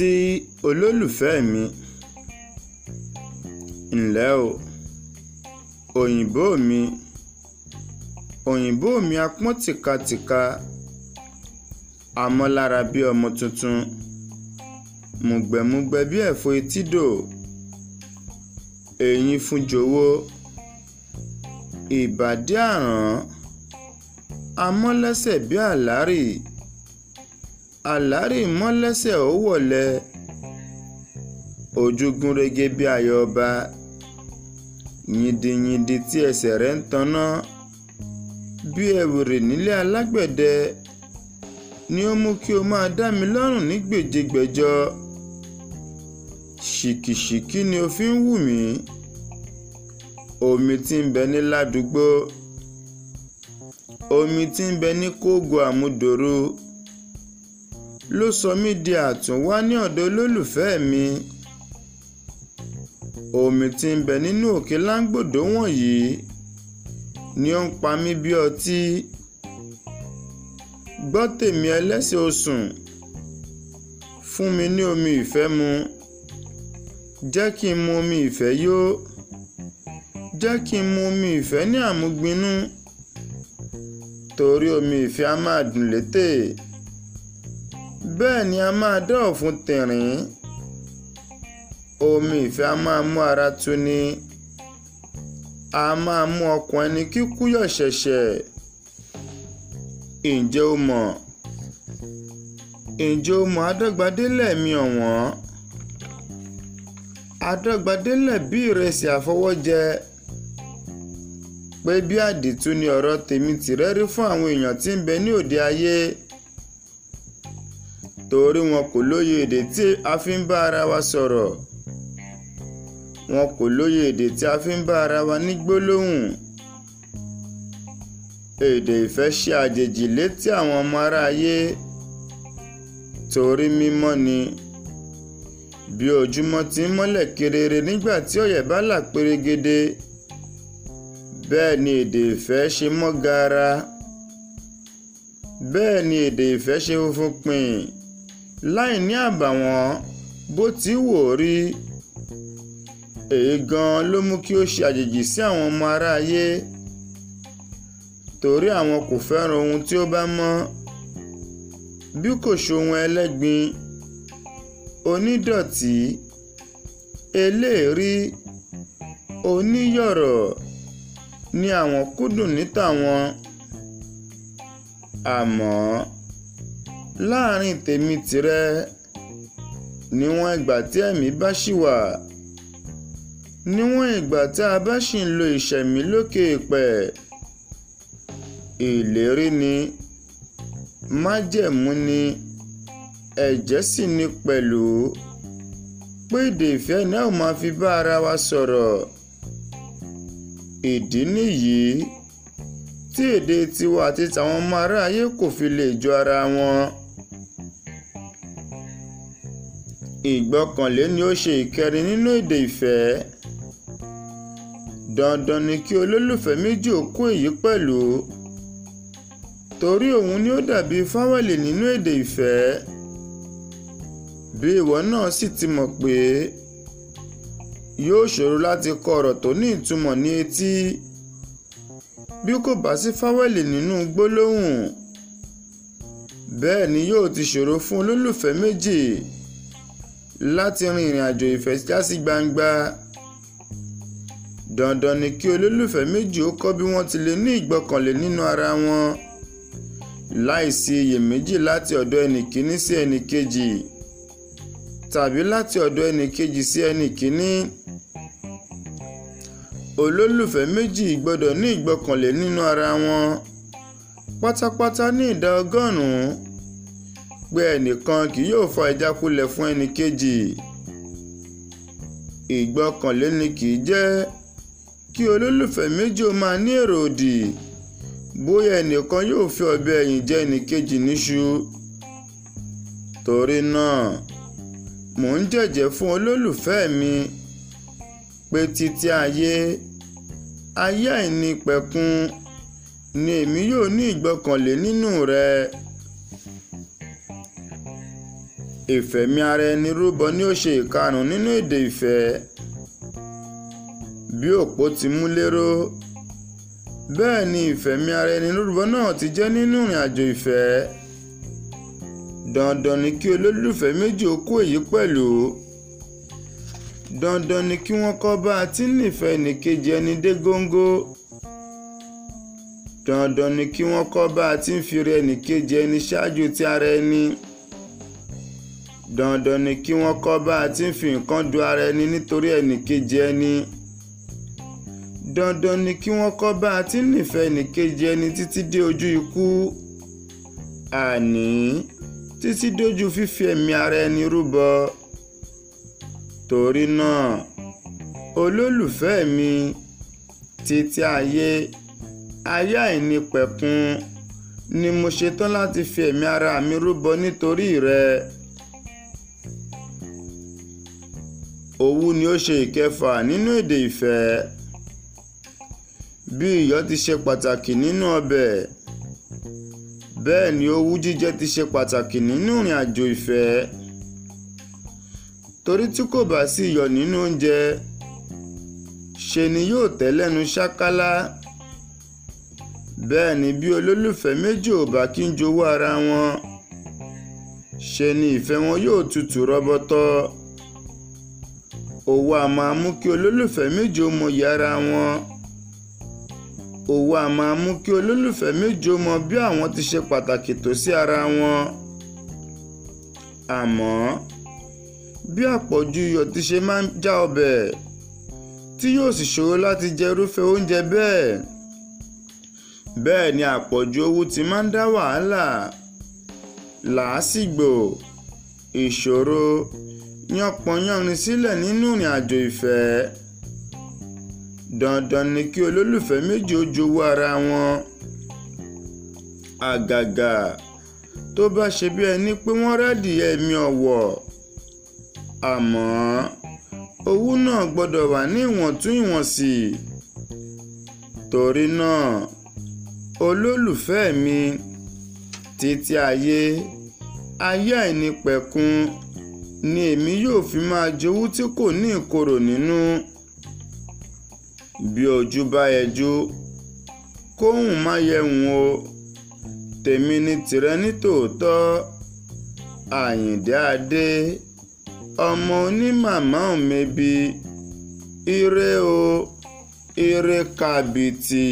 sí olólùfẹ́ mi ǹlẹ́ o òyìnbó mi òyìnbó mi apọ́n tìkatìka amọ́lára bí ọmọ tuntun mùgbẹ̀mùgbẹ̀ bí ẹ̀fọ́ etídò eyín fún jọ̀wọ́ ìbàdí àrán amọ́lẹ́sẹ̀ bí àlárì alárìímọ́ lẹ́sẹ̀ ó wọ̀lẹ̀ ojúgun rege bí ayọ̀ ọba yìndìnyìndì tí ẹsẹ̀ rẹ̀ ń tanná bí ẹ̀wèrè nílé alágbẹ̀dẹ ni ó mú kí o máa dá mi lọ́rùn ní gbèjégbèjọ ṣìkìṣìkì ni o fi ń wù mí omi tí ń bẹ ní ládùúgbò omi tí ń bẹ ní kóògùn àmúdòrò ló sọ mí di àtúnwá ní ọ̀dọ̀ olólùfẹ́ mi omi tí ń bẹ nínú òkè láńgbòdo wọ̀nyí ni ó ń pa mí bí ọtí gbọ́ tèmi ẹlẹ́sẹ̀ osùn fún mi ní omi ìfẹ́ mu jẹ́ kí n mu omi ìfẹ́ yó jẹ́ kí n mu omi ìfẹ́ ní àmúgbinú torí omi ìfẹ́ a máa dùn létè bẹ́ẹ̀ ni a máa dán ọ̀fun tìrín omi ìfẹ́ a máa mú ara tuni a máa mú ọkàn ẹni kíkú yọ̀ ǹjẹ́ o mọ̀ ǹjẹ́ o mọ̀ adọ́gbadélẹ̀ mi ọ̀wọ́n adọ́gbadélẹ̀ bí ìrẹsì àfọwọ́jẹ pé bí àdìtú ni ọ̀rọ̀ tèmi tìrẹ́rí fún àwọn èèyàn tí ń bẹ ní òde ayé torí wọn kò lóye èdè tí a fi ń bá ara wa sọ̀rọ̀ wọn kò lóye èdè tí a fi ń bá ara wa ní gbólóhùn èdè ìfẹ́ ṣe àjèjì létí àwọn ọmọ aráyé torí mímọ́ ni bí ojúmọ́ ti ń mọ́lẹ̀ kedere nígbà tí ọ̀yẹ̀ bá là pérégede bẹ́ẹ̀ ni èdè ìfẹ́ ṣe mọ́ gaara bẹ́ẹ̀ ni èdè ìfẹ́ ṣe funfun pin láì ní àbàwọ́n bó ti wù ó rí èyí gan-an ló mú kí ó ṣe àjèjì sí àwọn ọmọ aráyé torí àwọn kò fẹ́ràn ohun tí ó bá mọ́ bí kò ṣohun ẹlẹ́gbin onídọ̀tí eléèrí oníyọ̀rọ̀ ni àwọn kúndùn ní tàwọn àmọ́ láàrin tèmi tìrẹ níwọ̀n ìgbà tí ẹ̀mí bá ṣì wà níwọ̀n ìgbà tá a bá ṣì ń lo ìṣẹ̀mí lókè èèpẹ̀ ìlérí ni májẹ̀mú ni ẹ̀jẹ́ sì ni pẹ̀lú pé èdè ìfẹ́ náà máa fi bá ara wa sọ̀rọ̀ ìdí nìyí tí èdè tiwa àti tàwọn ọmọ aráyé kò fi lè jọ ara wọn. ìgbọ́kànlé ni ó ṣe ìkẹrin nínú èdè ìfẹ́ dandan ni kí olólùfẹ́ méjì ó kún èyí pẹ̀lú torí òun ni ó dàbí fáwẹ̀lì nínú èdè ìfẹ́ bí ìwọ náà sì ti mọ̀ pé yóò ṣòro láti kọ ọ̀rọ̀ tó ní ìtumọ̀ ní etí bí kò bá sí fáwẹ̀lì nínú gbólóhùn bẹ́ẹ̀ ni yóò ti ṣòro fún olólùfẹ́ méjì láti rin ìrìn àjò ìfẹ́ jásí gbangba dandan ni kí olólùfẹ́ méjì ó kọ́ bí wọ́n ti lè ní ìgbọ́kànlé nínú ara wọn láìsí iyèméjì láti ọ̀dọ̀ ẹnìkíní sí ẹnìkejì tàbí láti ọ̀dọ̀ ẹnìkejì sí ẹnìkíní olólùfẹ́ méjì gbọ́dọ̀ ní ìgbọ́kànlé nínú ara wọn pátápátá ní ìdá ọgọ́rùn-ún pé ẹnìkan kì yóò fa ìjákulẹ̀ fún ẹnìkejì ìgbọ́kànlé ni kì í jẹ́ kí olólùfẹ́ méjì ó máa ní èrò òdì bóyá ẹnìkan yóò fi ọ̀bẹ ẹ̀yìn jẹ ẹnìkejì níṣu torí náà mò ń jẹ̀jẹ̀ fún olólùfẹ́ mi pé títí ayé ayé àìnípẹ̀kun ni èmi yóò ní ìgbọ́kànlé nínú rẹ̀ ìfẹ̀mí-ara-ẹni-rúbọ ni ó ṣe ìkarùn-ún nínú èdè ìfẹ́ bí òpó ti mú lérò bẹ́ẹ̀ ni ìfẹ̀mí-ara-ẹni-rúbọ náà ti jẹ́ nínú ìrìn àjò ìfẹ́ dandan ni kí olólùfẹ́ méjì ó kó èyí pẹ̀lú dandan ni kí wọ́n kọ́ bá a ti nífẹ̀ẹ́ ẹnìkejì ẹni dé góńgó dandan ni kí wọ́n kọ́ bá a ti ń fi rẹ ẹnìkejì ẹni ṣáájú ti ara ẹni dandan ni kí wọ́n kọ́ bá a ti ń fi nǹkan du ara ẹni nítorí ẹnìkejì ẹni dandan ni kí wọ́n kọ́ bá a ti ń nífẹ̀ẹ́ ẹnìkejì ẹni títí dé ojú ikú àní títí dójú fífi ẹ̀mí ara ẹni rúbọ torí náà olólùfẹ́ mi títí ayé ayé àìnípẹ̀kun ni mo ṣetán láti fi ẹ̀mí ara mi rúbọ nítorí rẹ. Òwu ni ó ṣe ìkẹfà nínú èdè Ifẹ̀. Bí iyọ̀ ti ṣe pàtàkì nínú ọbẹ̀, bẹ́ẹ̀ ni owú jíjẹ ti ṣe pàtàkì nínú ìrìn àjò ìfẹ́. Torí tí kò bá sí iyọ̀ nínú oúnjẹ, ṣe ni yóò tẹ́ lẹ́nu ṣákálá. Bẹ́ẹ̀ ni bí olólùfẹ́ méjì ò bá kí ń jowú ara wọn, ṣe ni ìfẹ́ wọn yóò tutù rọ́bọtọ́ òwò a máa mú kí olólùfẹ́ méjì ó mọyì ara wọn òwò á máa mú kí olólùfẹ́ méjì ó mọ bí àwọn ti ṣe pàtàkì tó sí ara wọn àmọ́ bí àpọ̀jù iyọ̀ ti ṣe máa ń já ọbẹ̀ tí yóò sì ṣòro láti jẹ irúfẹ́ oúnjẹ bẹ́ẹ̀ bẹ́ẹ̀ ni àpọ̀jù owó ti máa ń dá wàhálà làásìgbò ìṣòro yánpọnyánrin sílẹ̀ nínú ìrìn àjò ìfẹ́ dandan ni kí olólùfẹ́ méjì ó jowú ara wọn àgàgà tó bá ṣe bí ẹni pé wọ́n rádìí ẹ̀mí ọ̀wọ̀ àmọ́ owó náà gbọ́dọ̀ wà ní ìwọ̀ntúnìwọ̀nsì torí náà olólùfẹ́ mi títí ayé ayé àìnípẹ̀kun ni èmi yóò fi máa jowú tí kò ní ìkorò nínú bí ojú bá yẹjú kóhùn má yẹhùn o tèmi ni tìrẹ nítòótọ́ àyìndé adé ọmọ onímàmá òmebi ire o ire kàbìtì.